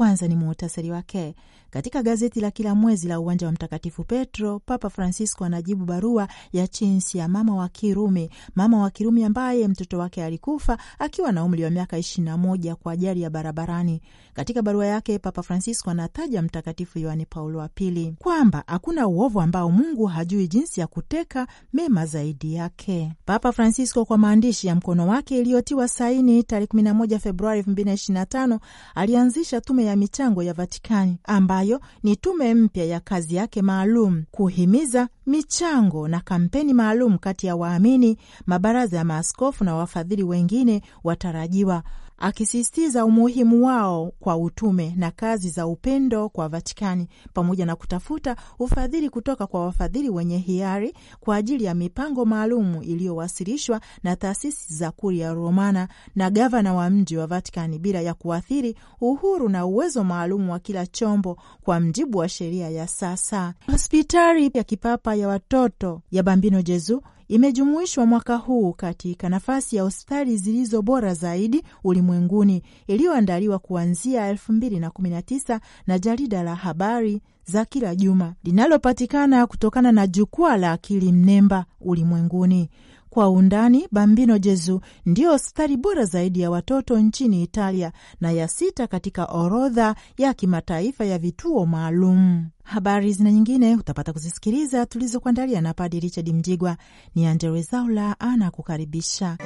kwanza ni muhtasari wake. Katika gazeti la kila mwezi la Uwanja wa Mtakatifu Petro, Papa Francisco anajibu barua ya ya mama wa Kirumi, mama wa Kirumi ambaye mtoto wake alikufa akiwa na umri wa miaka ishirini na moja kwa ajali ya barabarani. Katika barua yake, Papa Francisco anataja Mtakatifu yohani Paulo wa Pili kwamba hakuna uovu ambao Mungu hajui jinsi ya kuteka mema zaidi yake. Papa Francisco kwa maandishi ya mkono wake iliyotiwa saini tarehe 11 Februari 2025 alianzisha tume ya michango ya Vatikani ambayo ni tume mpya ya kazi yake maalum kuhimiza michango na kampeni maalum kati ya waamini, mabaraza ya maaskofu na wafadhili wengine watarajiwa akisisitiza umuhimu wao kwa utume na kazi za upendo kwa Vatikani pamoja na kutafuta ufadhili kutoka kwa wafadhili wenye hiari kwa ajili ya mipango maalum iliyowasilishwa na taasisi za Kuria Romana na gavana wa mji wa Vatikani bila ya kuathiri uhuru na uwezo maalum wa kila chombo kwa mjibu wa sheria ya sasa. Hospitali ya kipapa ya watoto ya Bambino Jezu imejumuishwa mwaka huu katika nafasi ya hospitali zilizo bora zaidi ulimwenguni iliyoandaliwa kuanzia 2019 na jarida la habari za kila juma linalopatikana kutokana na jukwaa la akili mnemba ulimwenguni. Kwa undani, Bambino Jezu ndiyo stari bora zaidi ya watoto nchini Italia na ya sita katika orodha ya kimataifa ya vituo maalum. Habari zina nyingine utapata kuzisikiliza tulizokuandalia na Padi Richard Mjigwa. Ni Angella Rwezaula anakukaribisha.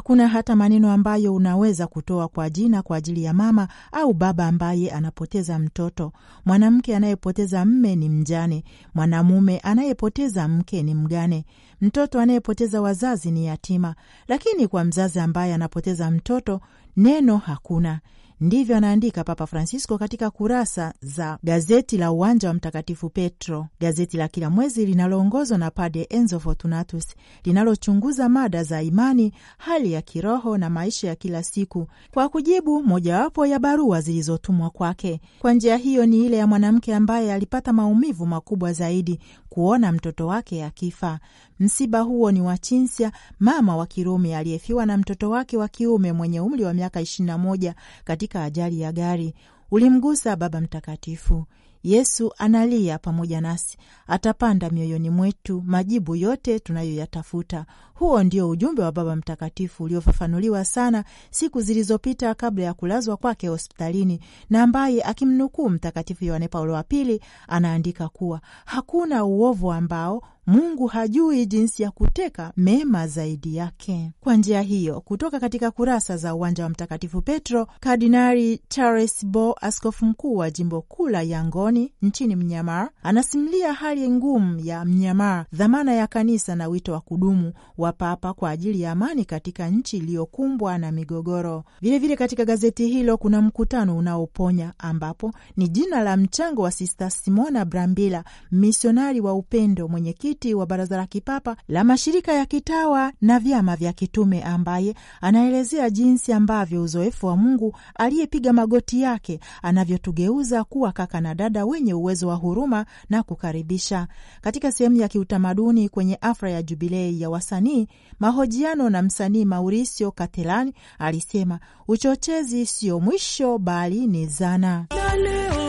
Hakuna hata maneno ambayo unaweza kutoa kwa jina kwa ajili ya mama au baba ambaye anapoteza mtoto. Mwanamke anayepoteza mme ni mjane, mwanamume anayepoteza mke ni mgane, mtoto anayepoteza wazazi ni yatima. Lakini kwa mzazi ambaye anapoteza mtoto, neno hakuna. Ndivyo anaandika Papa Francisco katika kurasa za gazeti la Uwanja wa Mtakatifu Petro, gazeti la kila mwezi linaloongozwa na Padre Enzo Fortunatus linalochunguza mada za imani, hali ya kiroho na maisha ya kila siku, kwa kujibu mojawapo ya barua zilizotumwa kwake. Kwa njia hiyo ni ile ya mwanamke ambaye alipata maumivu makubwa zaidi kuona mtoto wake akifa. Msiba huo ni wa Chinsia, mama wa Kirumi aliyefiwa na mtoto wake wa kiume mwenye umri wa miaka 21 katika ajali ya gari. Ulimgusa Baba Mtakatifu. Yesu analia pamoja nasi, atapanda mioyoni mwetu majibu yote tunayoyatafuta. Huo ndio ujumbe wa Baba Mtakatifu uliofafanuliwa sana siku zilizopita kabla ya kulazwa kwake hospitalini, na ambaye akimnukuu Mtakatifu Yohane Paulo wa Pili anaandika kuwa hakuna uovu ambao Mungu hajui jinsi ya kuteka mema zaidi yake. Kwa njia hiyo, kutoka katika kurasa za uwanja wa Mtakatifu Petro, Kardinari Charles Bo, askofu mkuu wa jimbo kuu la Yangoni nchini Mnyamar, anasimulia hali ngumu ya Mnyamar, dhamana ya kanisa na wito wa kudumu wa Papa kwa ajili ya amani katika nchi iliyokumbwa na migogoro. Vilevile vile katika gazeti hilo kuna mkutano unaoponya ambapo ni jina la mchango wa Sista Simona Brambila, misionari wa upendo, mwenyekiti mwenyekiti wa Baraza la Kipapa la Mashirika ya Kitawa na Vyama vya Kitume, ambaye anaelezea jinsi ambavyo uzoefu wa Mungu aliyepiga magoti yake anavyotugeuza kuwa kaka na dada wenye uwezo wa huruma na kukaribisha. Katika sehemu ya kiutamaduni kwenye afra ya Jubilei ya wasanii, mahojiano na msanii Mauricio Katelani alisema, uchochezi sio mwisho bali ni zana Dale.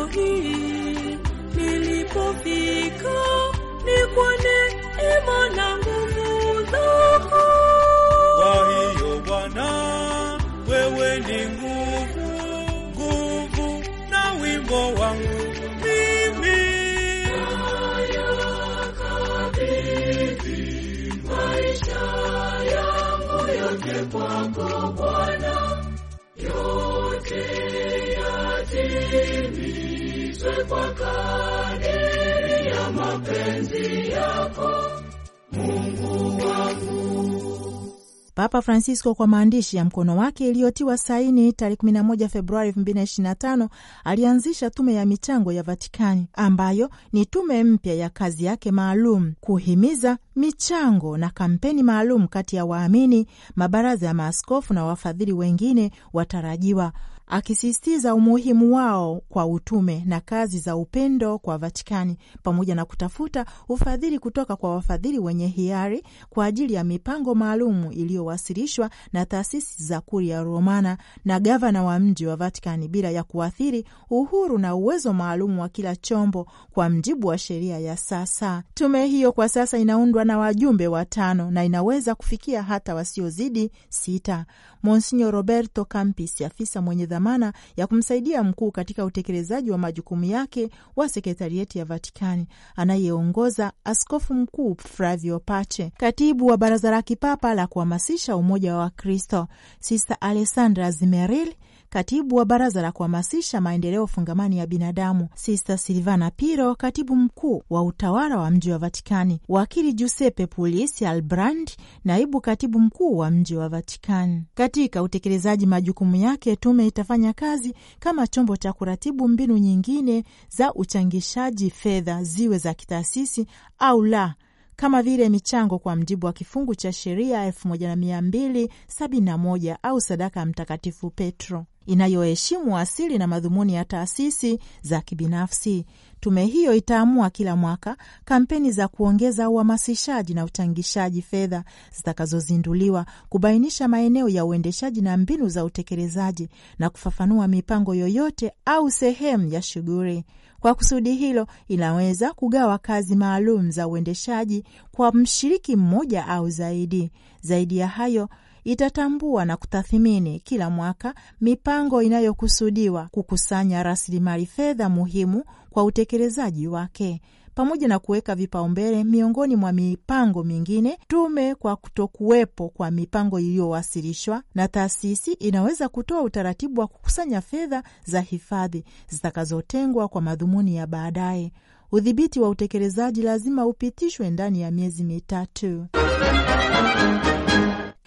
kwa kadiri ya mapenzi yako Mungu wangu. Papa Francisco kwa maandishi ya mkono wake iliyotiwa saini tarehe 11 Februari 2025 alianzisha tume ya michango ya Vatikani ambayo ni tume mpya ya kazi yake maalum kuhimiza michango na kampeni maalum kati ya waamini, mabaraza ya maaskofu na wafadhili wengine watarajiwa akisisitiza umuhimu wao kwa utume na kazi za upendo kwa Vatikani pamoja na kutafuta ufadhili kutoka kwa wafadhili wenye hiari kwa ajili ya mipango maalum iliyowasilishwa na taasisi za Kuria Romana na gavana wa mji wa Vatikani bila ya kuathiri uhuru na uwezo maalum wa kila chombo kwa mjibu wa sheria ya sasa. Tume hiyo kwa sasa inaundwa na wajumbe watano na inaweza kufikia hata wasiozidi sita. Monsinyo Roberto Campis, afisa mwenye dhamana ya kumsaidia mkuu katika utekelezaji wa majukumu yake wa sekretarieti ya Vatikani anayeongoza Askofu Mkuu Flavio Pache, katibu wa Baraza la Kipapa la Kuhamasisha Umoja wa Wakristo, Sista Alessandra Zimeril katibu wa baraza la kuhamasisha maendeleo fungamani ya binadamu, Sista Silvana Piro, katibu mkuu wa utawala wa mji wa Vatikani, wakili Giuseppe Pulisi albrand naibu katibu mkuu wa mji wa Vatikani. Katika utekelezaji majukumu yake, tume itafanya kazi kama chombo cha kuratibu mbinu nyingine za uchangishaji fedha, ziwe za kitaasisi au la kama vile michango kwa mjibu wa kifungu cha sheria 1271 au sadaka ya Mtakatifu Petro inayoheshimu asili na madhumuni ya taasisi za kibinafsi Tume hiyo itaamua kila mwaka kampeni za kuongeza uhamasishaji na uchangishaji fedha zitakazozinduliwa kubainisha maeneo ya uendeshaji na mbinu za utekelezaji na kufafanua mipango yoyote au sehemu ya shughuli. Kwa kusudi hilo, inaweza kugawa kazi maalum za uendeshaji kwa mshiriki mmoja au zaidi. Zaidi ya hayo itatambua na kutathimini kila mwaka mipango inayokusudiwa kukusanya rasilimali fedha muhimu kwa utekelezaji wake pamoja na kuweka vipaumbele miongoni mwa mipango mingine. Tume, kwa kutokuwepo kwa mipango iliyowasilishwa na taasisi, inaweza kutoa utaratibu wa kukusanya fedha za hifadhi zitakazotengwa kwa madhumuni ya baadaye. Udhibiti wa utekelezaji lazima upitishwe ndani ya miezi mitatu.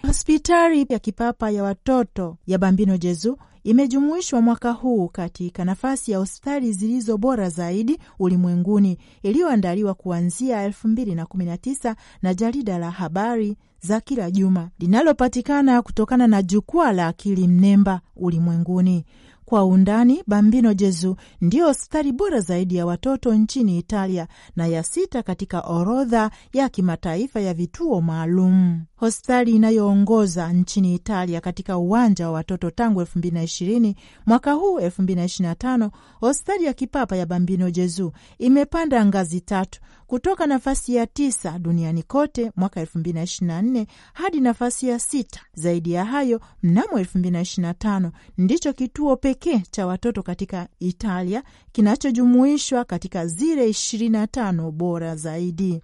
Hospitali ya kipapa ya watoto ya Bambino Jezu imejumuishwa mwaka huu katika nafasi ya hospitali zilizo bora zaidi ulimwenguni iliyoandaliwa kuanzia 2019 na jarida la habari za kila juma linalopatikana kutokana na jukwaa la akili mnemba ulimwenguni kwa undani. Bambino Jezu ndiyo hospitali bora zaidi ya watoto nchini Italia na ya sita katika orodha ya kimataifa ya vituo maalum, hospitali inayoongoza nchini Italia katika uwanja wa watoto tangu 2020. Mwaka huu 2025, hospitali ya kipapa ya Bambino Jezu imepanda ngazi tatu kutoka nafasi ya tisa duniani kote mwaka 2024 hadi nafasi ya sita. Zaidi ya hayo, mnamo 2025 ndicho kituo pekee cha watoto katika Italia kinachojumuishwa katika zile 25 bora zaidi.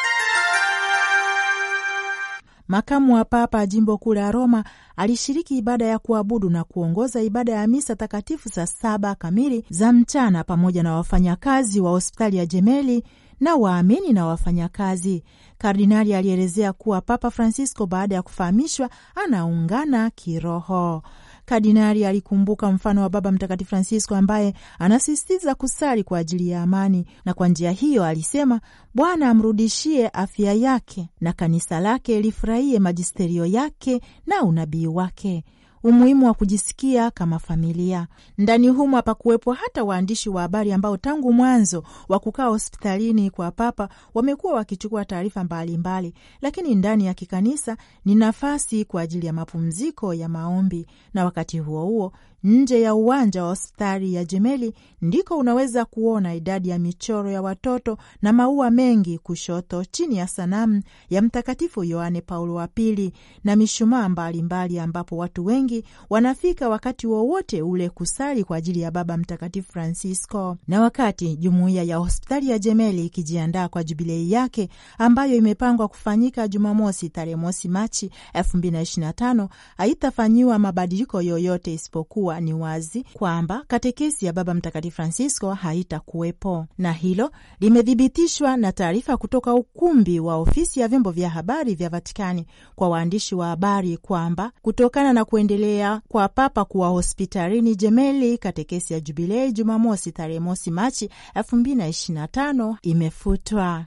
Makamu wa Papa jimbo kuu la Roma alishiriki ibada ya kuabudu na kuongoza ibada ya misa takatifu saa saba kamili za mchana pamoja na wafanyakazi wa hospitali ya Jemeli na waamini na wafanyakazi. Kardinali alielezea kuwa Papa Francisco, baada ya kufahamishwa, anaungana kiroho. Kardinali alikumbuka mfano wa Baba Mtakatifu Francisco ambaye anasisitiza kusali kwa ajili ya amani, na kwa njia hiyo alisema, Bwana amrudishie afya yake na kanisa lake lifurahie majisterio yake na unabii wake umuhimu wa kujisikia kama familia. Ndani humo hapakuwepo hata waandishi wa habari ambao tangu mwanzo wa kukaa hospitalini kwa Papa wamekuwa wakichukua taarifa mbalimbali, lakini ndani ya kikanisa ni nafasi kwa ajili ya mapumziko ya maombi na wakati huo huo Nje ya uwanja wa hospitali ya Jemeli ndiko unaweza kuona idadi ya michoro ya watoto na maua mengi kushoto, chini ya sanamu ya Mtakatifu Yohane Paulo wa Pili na mishumaa mbalimbali, ambapo watu wengi wanafika wakati wowote ule kusali kwa ajili ya Baba Mtakatifu Francisco. Na wakati jumuiya ya hospitali ya Jemeli ikijiandaa kwa jubilei yake ambayo imepangwa kufanyika Jumamosi tarehe mosi Machi 2025 haitafanyiwa mabadiliko yoyote isipokuwa kuwa ni wazi kwamba katekesi ya Baba Mtakatifu Francisco haitakuwepo, na hilo limethibitishwa na taarifa kutoka ukumbi wa ofisi ya vyombo vya habari vya Vatikani kwa waandishi wa habari kwamba kutokana na kuendelea kwa Papa kuwa hospitalini Jemeli, katekesi ya Jubilei Jumamosi tarehe mosi Machi 2025 imefutwa.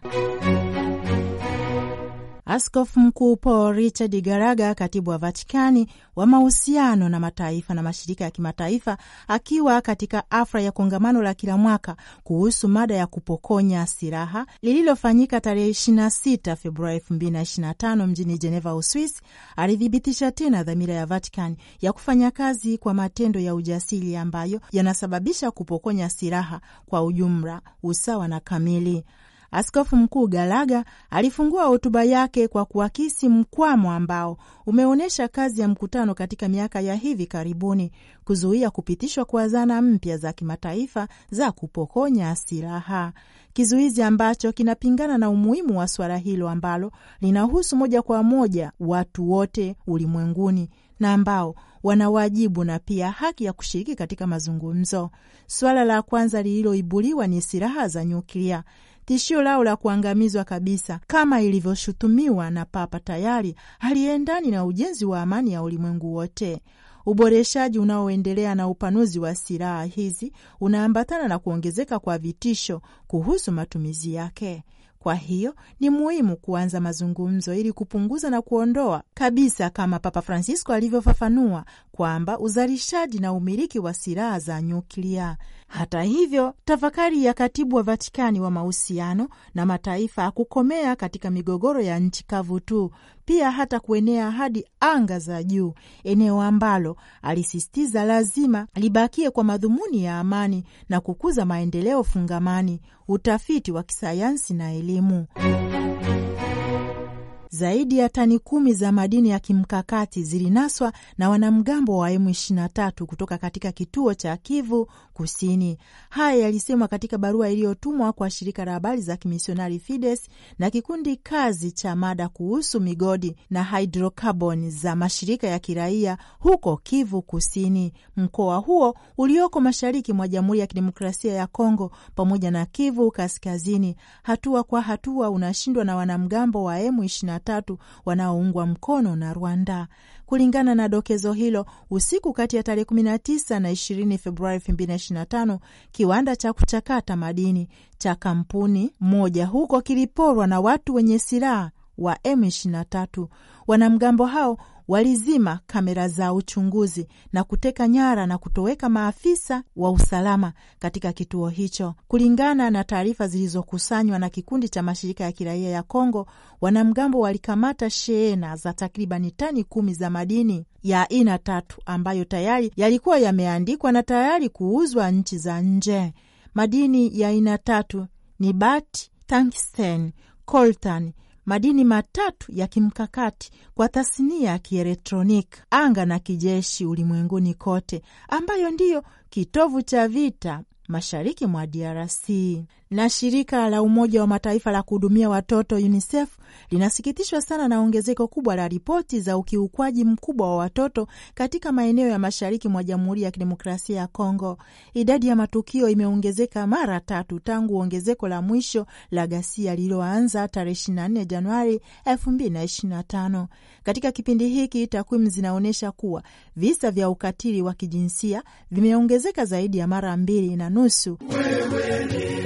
Askofu Mkuu Paul Richard Garaga, katibu wa Vatikani wa mahusiano na mataifa na mashirika ya kimataifa, akiwa katika afra ya kongamano la kila mwaka kuhusu mada ya kupokonya silaha lililofanyika tarehe 26 Februari 2025 mjini Jeneva, Uswisi, alithibitisha tena dhamira ya Vatikani ya kufanya kazi kwa matendo ya ujasiri ambayo yanasababisha kupokonya silaha kwa ujumla, usawa na kamili. Askofu Mkuu Galaga alifungua hotuba yake kwa kuakisi mkwamo ambao umeonyesha kazi ya mkutano katika miaka ya hivi karibuni kuzuia kupitishwa kwa zana mpya za kimataifa za kupokonya silaha, kizuizi ambacho kinapingana na umuhimu wa suala hilo ambalo linahusu moja kwa moja watu wote ulimwenguni na ambao wana wajibu na pia haki ya kushiriki katika mazungumzo. Suala la kwanza lililoibuliwa ni silaha za nyuklia tishio lao la kuangamizwa kabisa, kama ilivyoshutumiwa na Papa, tayari haliendani na ujenzi wa amani ya ulimwengu wote. Uboreshaji unaoendelea na upanuzi wa silaha hizi unaambatana na kuongezeka kwa vitisho kuhusu matumizi yake. Kwa hiyo ni muhimu kuanza mazungumzo ili kupunguza na kuondoa kabisa, kama Papa Francisco alivyofafanua, kwamba uzalishaji na umiliki wa silaha za nyuklia hata hivyo, tafakari ya katibu wa Vatikani wa mahusiano na mataifa hakukomea katika migogoro ya nchi kavu tu, pia hata kuenea hadi anga za juu, eneo ambalo alisisitiza lazima libakie kwa madhumuni ya amani na kukuza maendeleo fungamani, utafiti wa kisayansi na elimu. Zaidi ya tani kumi za madini ya kimkakati zilinaswa na wanamgambo wa M23 kutoka katika kituo cha Kivu Kusini. Haya yalisemwa katika barua iliyotumwa kwa shirika la habari za kimisionari Fides na kikundi kazi cha mada kuhusu migodi na hidrokaboni za mashirika ya kiraia huko Kivu Kusini, mkoa huo ulioko mashariki mwa Jamhuri ya Kidemokrasia ya Kongo pamoja na Kivu Kaskazini. Hatua kwa hatua unashindwa na wanamgambo wa M23 watatu wanaoungwa mkono na Rwanda. Kulingana na dokezo hilo, usiku kati ya tarehe 19 na 20 Februari 2025 kiwanda cha kuchakata madini cha kampuni moja huko kiliporwa na watu wenye silaha wa M23. Wanamgambo hao walizima kamera za uchunguzi na kuteka nyara na kutoweka maafisa wa usalama katika kituo hicho. Kulingana na taarifa zilizokusanywa na kikundi cha mashirika ya kiraia ya Kongo, wanamgambo walikamata shehena za takribani tani kumi za madini ya aina tatu ambayo tayari yalikuwa yameandikwa na tayari kuuzwa nchi za nje. Madini ya aina tatu ni bati, tungsten, coltan madini matatu ya kimkakati kwa tasnia ya kielektroniki, anga na kijeshi ulimwenguni kote, ambayo ndiyo kitovu cha vita mashariki mwa DRC na shirika la Umoja wa Mataifa la kuhudumia watoto UNICEF linasikitishwa sana na ongezeko kubwa la ripoti za ukiukwaji mkubwa wa watoto katika maeneo ya mashariki mwa Jamhuri ya Kidemokrasia ya Kongo. Idadi ya matukio imeongezeka mara tatu tangu ongezeko la mwisho la ghasia lililoanza tarehe 24 Januari 2025. Katika kipindi hiki, takwimu zinaonyesha kuwa visa vya ukatili wa kijinsia vimeongezeka zaidi ya mara mbili na nusu. Wewe ni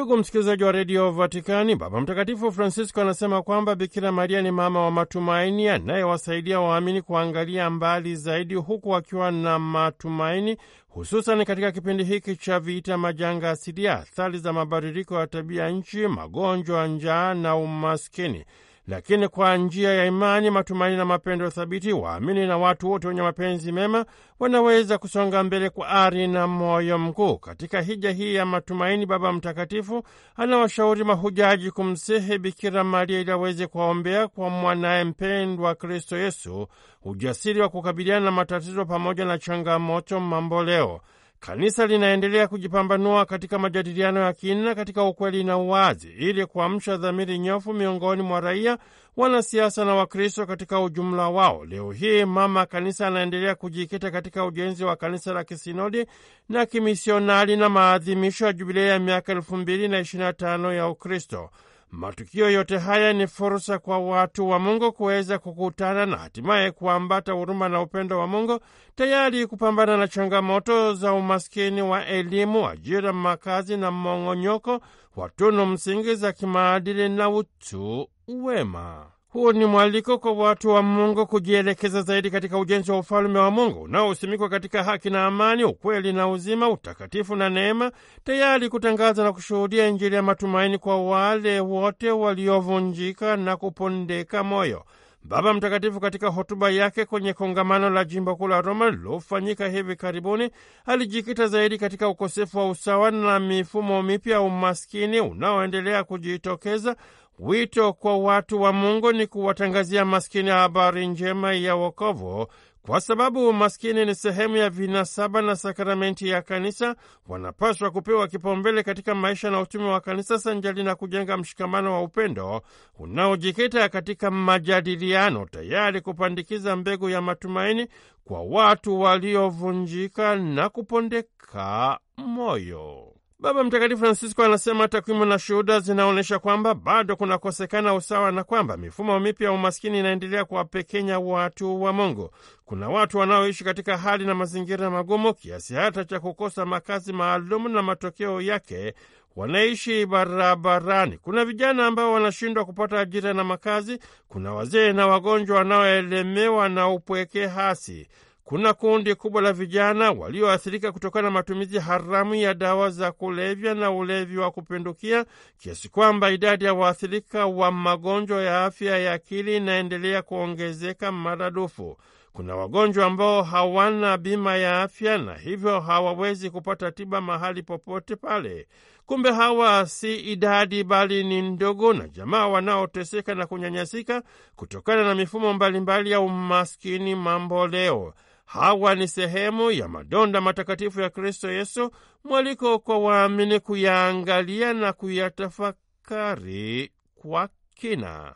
Ndugu msikilizaji wa redio Vatikani, Baba Mtakatifu Francisco anasema kwamba Bikira Maria ni mama wa matumaini anayewasaidia waamini kuangalia mbali zaidi, huku wakiwa na matumaini, hususan katika kipindi hiki cha vita, majanga asilia, athari za mabadiliko ya tabia nchi, magonjwa, njaa na umaskini lakini kwa njia ya imani, matumaini na mapendo thabiti, waamini na watu wote wenye mapenzi mema wanaweza kusonga mbele kwa ari na moyo mkuu. Katika hija hii ya matumaini, Baba Mtakatifu anawashauri mahujaji kumsihi Bikira Maria ili aweze kuwaombea kwa mwanaye mpendwa Kristo Yesu ujasiri wa kukabiliana na matatizo pamoja na changamoto mamboleo leo. Kanisa linaendelea kujipambanua katika majadiliano ya kina katika ukweli na uwazi ili kuamsha dhamiri nyofu miongoni mwa raia, wanasiasa na Wakristo katika ujumla wao. Leo hii mama kanisa anaendelea kujikita katika ujenzi wa kanisa la kisinodi na kimisionari na maadhimisho ya jubilei ya miaka elfu mbili na ishirini na tano ya Ukristo. Matukio yote haya ni fursa kwa watu wa Mungu kuweza kukutana na hatimaye kuambata huruma na upendo wa Mungu, tayari kupambana na changamoto za umaskini wa elimu, ajira, makazi na mmong'onyoko wa tunu msingi za kimaadili na utu wema. Huu ni mwaliko kwa watu wa Mungu kujielekeza zaidi katika ujenzi wa ufalume wa Mungu unaosimikwa katika haki na amani, ukweli na uzima, utakatifu na neema, tayari kutangaza na kushuhudia Injili ya matumaini kwa wale wote waliovunjika na kupondeka moyo. Baba Mtakatifu katika hotuba yake kwenye kongamano la jimbo kuu la Roma lilofanyika hivi karibuni alijikita zaidi katika ukosefu wa usawa na mifumo mipya ya umaskini unaoendelea kujitokeza Wito kwa watu wa Mungu ni kuwatangazia maskini habari njema ya wokovu, kwa sababu maskini ni sehemu ya vinasaba na sakramenti ya kanisa. Wanapaswa kupewa kipaumbele katika maisha na utume wa kanisa, sanjali na kujenga mshikamano wa upendo unaojikita katika majadiliano, tayari kupandikiza mbegu ya matumaini kwa watu waliovunjika na kupondeka moyo. Baba Mtakatifu Francisco anasema takwimu na shuhuda zinaonyesha kwamba bado kunakosekana usawa na kwamba mifumo mipya ya umaskini inaendelea kuwapekenya watu wa Mungu. Kuna watu wanaoishi katika hali na mazingira magumu kiasi hata cha kukosa makazi maalum na matokeo yake wanaishi barabarani. Kuna vijana ambao wanashindwa kupata ajira na makazi. Kuna wazee na wagonjwa wanaoelemewa na upweke hasi kuna kundi kubwa la vijana walioathirika kutokana na matumizi haramu ya dawa za kulevya na ulevi wa kupindukia kiasi kwamba idadi ya waathirika wa magonjwa ya afya ya akili inaendelea kuongezeka maradufu. Kuna wagonjwa ambao hawana bima ya afya na hivyo hawawezi kupata tiba mahali popote pale. Kumbe hawa si idadi bali ni ndogo na jamaa wanaoteseka na kunyanyasika kutokana na mifumo mbalimbali ya umaskini mambo leo. Hawa ni sehemu ya madonda matakatifu ya Kristo Yesu, mwaliko kwa waamini kuyaangalia na kuyatafakari kwa kina.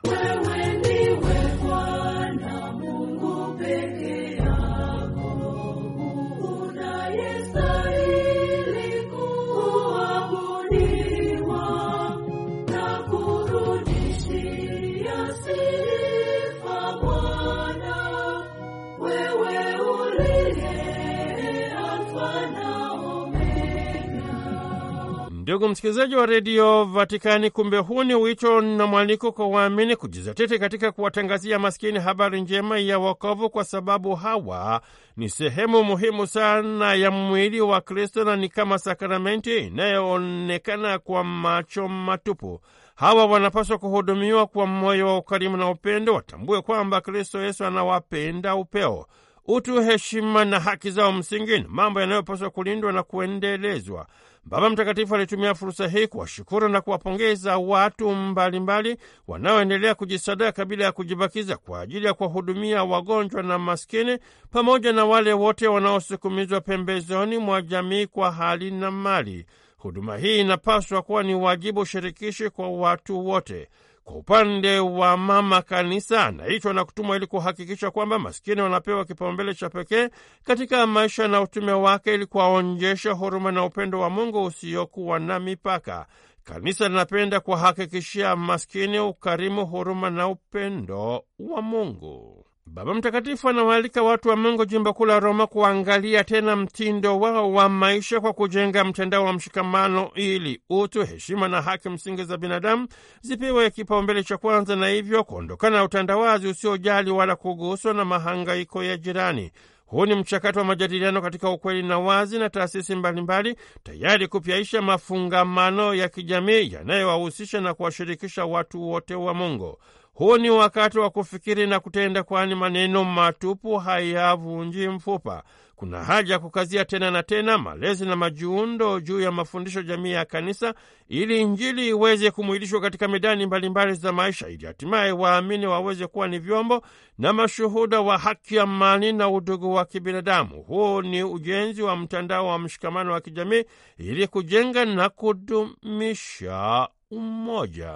Ndugu msikilizaji wa redio Vatikani, kumbe huu ni wito na mwaliko kwa waamini kujizatiti katika kuwatangazia maskini habari njema ya wokovu, kwa sababu hawa ni sehemu muhimu sana ya mwili wa Kristo na ni kama sakramenti inayoonekana kwa macho matupu. Hawa wanapaswa kuhudumiwa kwa moyo wa ukarimu na upendo, watambue kwamba Kristo Yesu anawapenda upeo utu, heshima na haki zao msingini, mambo yanayopaswa kulindwa na kuendelezwa. Baba Mtakatifu alitumia fursa hii kuwashukuru na kuwapongeza watu mbalimbali wanaoendelea kujisadaka bila ya kujibakiza kwa ajili ya kuwahudumia wagonjwa na maskini, pamoja na wale wote wanaosukumizwa pembezoni mwa jamii kwa hali na mali. Huduma hii inapaswa kuwa ni wajibu shirikishi kwa watu wote. Kwa upande wa mama kanisa, anaitwa na kutumwa ili kuhakikisha kwamba maskini wanapewa kipaumbele cha pekee katika maisha na utume wake, ili kuwaonjesha huruma na upendo wa Mungu usiokuwa na mipaka. Kanisa linapenda kuwahakikishia maskini ukarimu, huruma na upendo wa Mungu. Baba Mtakatifu anawaalika watu wa Mungu jimbo kuu la Roma kuangalia tena mtindo wao wa maisha kwa kujenga mtandao wa mshikamano, ili utu, heshima na haki msingi za binadamu zipewe kipaumbele cha kwanza, na hivyo kuondokana na utandawazi usiojali wala kuguswa na mahangaiko ya jirani. Huu ni mchakato wa majadiliano katika ukweli na wazi na taasisi mbalimbali tayari kupyaisha mafungamano ya kijamii yanayowahusisha na kuwashirikisha watu wote wa Mungu. Huu ni wakati wa kufikiri na kutenda, kwani maneno matupu hayavunji mfupa. Kuna haja ya kukazia tena na tena malezi na majiundo juu ya mafundisho jamii ya Kanisa ili Injili iweze kumwilishwa katika medani mbalimbali za maisha ili hatimaye waamini waweze kuwa ni vyombo na mashuhuda wa haki, amani na udugu wa kibinadamu. Huu ni ujenzi wa mtandao wa mshikamano wa kijamii ili kujenga na kudumisha umoja.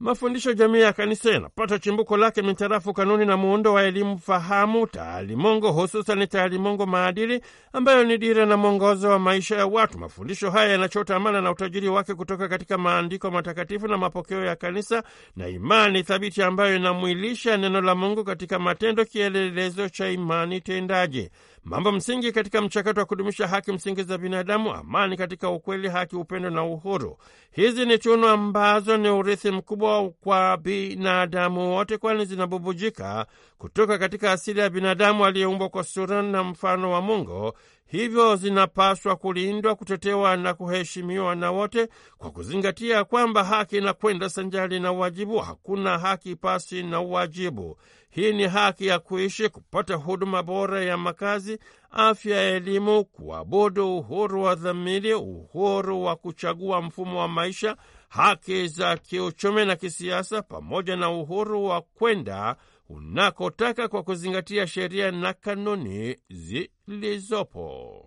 Mafundisho jamii ya kanisa yanapata chimbuko lake mitarafu kanuni na muundo wa elimu fahamu taalimongo, hususani taalimongo maadili, ambayo ni dira na mwongozo wa maisha ya watu. Mafundisho haya yanachota amana na utajiri wake kutoka katika maandiko matakatifu na mapokeo ya kanisa na imani thabiti, ambayo inamwilisha neno la Mungu katika matendo, kielelezo cha imani tendaje mambo msingi katika mchakato wa kudumisha haki msingi za binadamu: amani katika ukweli, haki, upendo na uhuru. Hizi ni tunu ambazo ni urithi mkubwa kwa binadamu wote, kwani zinabubujika kutoka katika asili ya binadamu aliyeumbwa kwa sura na mfano wa Mungu, hivyo zinapaswa kulindwa, kutetewa na kuheshimiwa na wote, kwa kuzingatia kwamba haki inakwenda sanjari na uwajibu Hakuna haki pasi na uwajibu Hii ni haki ya kuishi, kupata huduma bora ya makazi, afya, ya elimu, kuabudu, uhuru wa dhamiri, uhuru wa kuchagua mfumo wa maisha, haki za kiuchumi na kisiasa, pamoja na uhuru wa kwenda unakotaka kwa kuzingatia sheria na kanuni zilizopo.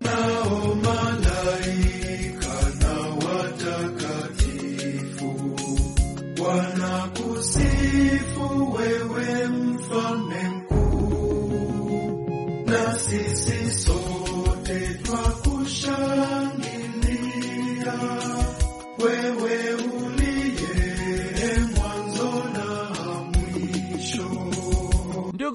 wanakusifu wewe, mfalme mkuu, na sisi sote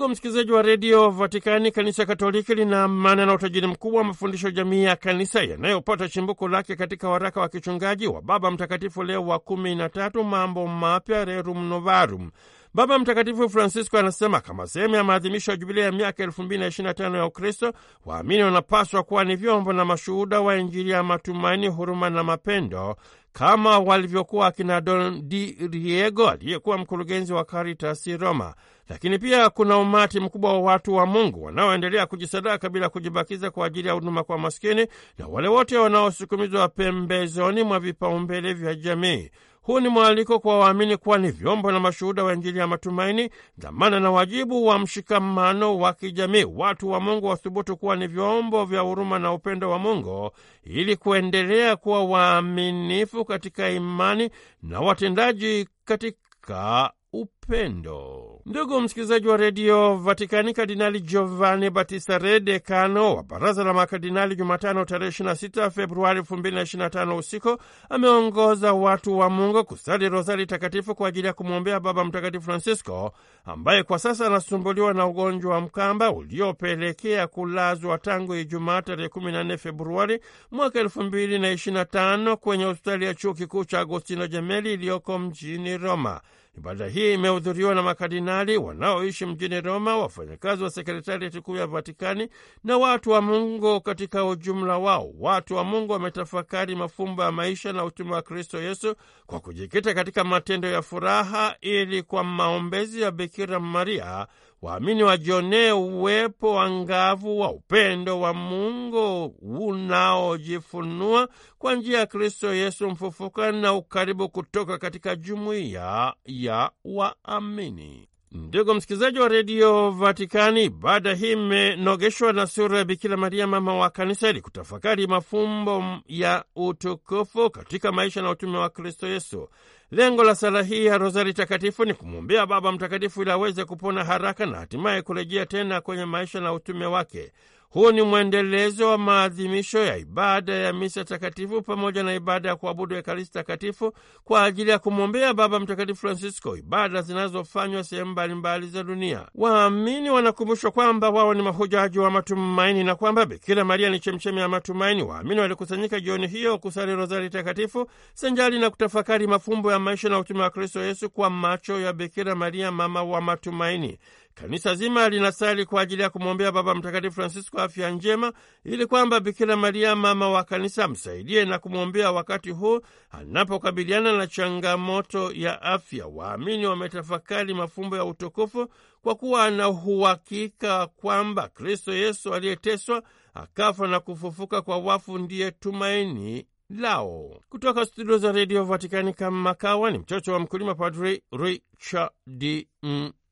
msikilizaji wa redio Vatikani, kanisa Katoliki lina maana na utajiri mkubwa wa mafundisho jamii ya kanisa yanayopata chimbuko lake katika waraka wa kichungaji wa Baba Mtakatifu Leo wa kumi na tatu, mambo mapya Rerum Novarum. Baba Mtakatifu Francisco anasema kama sehemu ya maadhimisho ya jubilia ya miaka 2025 ya Ukristo, waamini wanapaswa kuwa ni vyombo na mashuhuda wa Injili ya matumaini, huruma na mapendo kama walivyokuwa akina Don Di Riego aliyekuwa mkurugenzi wa Karitasi Roma. Lakini pia kuna umati mkubwa wa watu wa Mungu wanaoendelea kujisadaka bila kujibakiza kwa ajili ya huduma kwa maskini na wale wote wanaosukumizwa pembezoni mwa vipaumbele vya jamii. Huu ni mwaliko kwa waamini kuwa ni vyombo na mashuhuda wa Injili ya matumaini, dhamana na wajibu wa mshikamano wa kijamii. Watu wa Mungu wathubutu kuwa ni vyombo vya huruma na upendo wa Mungu ili kuendelea kuwa waaminifu katika imani na watendaji katika upendo. Ndugu msikilizaji wa redio Vatikani, Kardinali Giovanni Battista Re, dekano wa baraza la makardinali, Jumatano tarehe 26 Februari 2025 usiku, ameongoza watu wa Mungu kusali rosari takatifu kwa ajili ya kumwombea Baba Mtakatifu Francisco ambaye kwa sasa anasumbuliwa na ugonjwa wa mkamba uliopelekea kulazwa tangu Ijumaa tarehe 14 Februari mwaka 2025 kwenye hospitali ya chuo kikuu cha Agostino Jemeli iliyoko mjini Roma. Ibada hii imehudhuriwa na makardinali Italy wanaoishi mjini Roma, wafanyakazi wa sekretarieti kuu ya Vatikani na watu wa Mungu katika ujumla wao. Watu wa Mungu wametafakari mafumbo ya maisha na utume wa Kristo Yesu kwa kujikita katika matendo ya furaha, ili kwa maombezi ya Bikira Maria waamini wajionee uwepo wa ngavu wa upendo wa Mungu unaojifunua kwa njia ya Kristo Yesu mfufuka na ukaribu kutoka katika jumuiya ya waamini. Ndugu msikilizaji wa redio Vatikani, baada hii imenogeshwa na sura ya Bikira Maria, mama wa Kanisa, ili kutafakari mafumbo ya utukufu katika maisha na utume wa Kristo Yesu. Lengo la sala hii ya Rozari Takatifu ni kumwombea Baba Mtakatifu ili aweze kupona haraka na hatimaye kurejea tena kwenye maisha na utume wake. Huu ni mwendelezo wa maadhimisho ya ibada ya misa takatifu pamoja na ibada ya kuabudu Ekaristi takatifu kwa ajili ya kumwombea Baba Mtakatifu Francisco, ibada zinazofanywa sehemu mbalimbali za dunia. Waamini wanakumbushwa kwamba wao ni mahujaji wa matumaini na kwamba Bikira Maria ni chemchemi ya matumaini. Waamini walikusanyika jioni hiyo kusali rozari takatifu sanjali na kutafakari mafumbo ya maisha na utume wa Kristo Yesu kwa macho ya Bikira Maria, mama wa matumaini. Kanisa zima linasali kwa ajili ya kumwombea Baba Mtakatifu Francisco afya njema, ili kwamba Bikira Maria mama wa kanisa amsaidie na kumwombea wakati huu anapokabiliana na changamoto ya afya. Waamini wametafakari mafumbo ya utukufu kwa kuwa na uhakika kwamba Kristo Yesu aliyeteswa akafa na kufufuka kwa wafu ndiye tumaini lao. Kutoka studio za redio Vatikani, kama ni mtoto wa mkulima, Padri Richard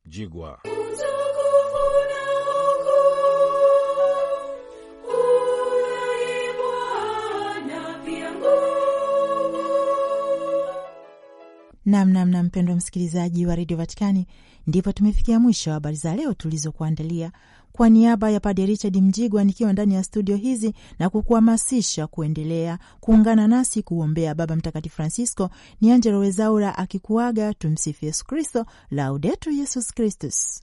Mjigwa. Namnamna mpendwa msikilizaji wa redio Vatikani, ndipo tumefikia mwisho wa habari za leo tulizokuandalia. Kwa niaba ya Padre Richard Mjigwa nikiwa ndani ya studio hizi na kukuhamasisha kuendelea kuungana nasi kuombea Baba Mtakatifu Francisco, ni Angelo Wezaura akikuaga. Tumsifu Yesu Kristo, Laudetur Yesus Kristus.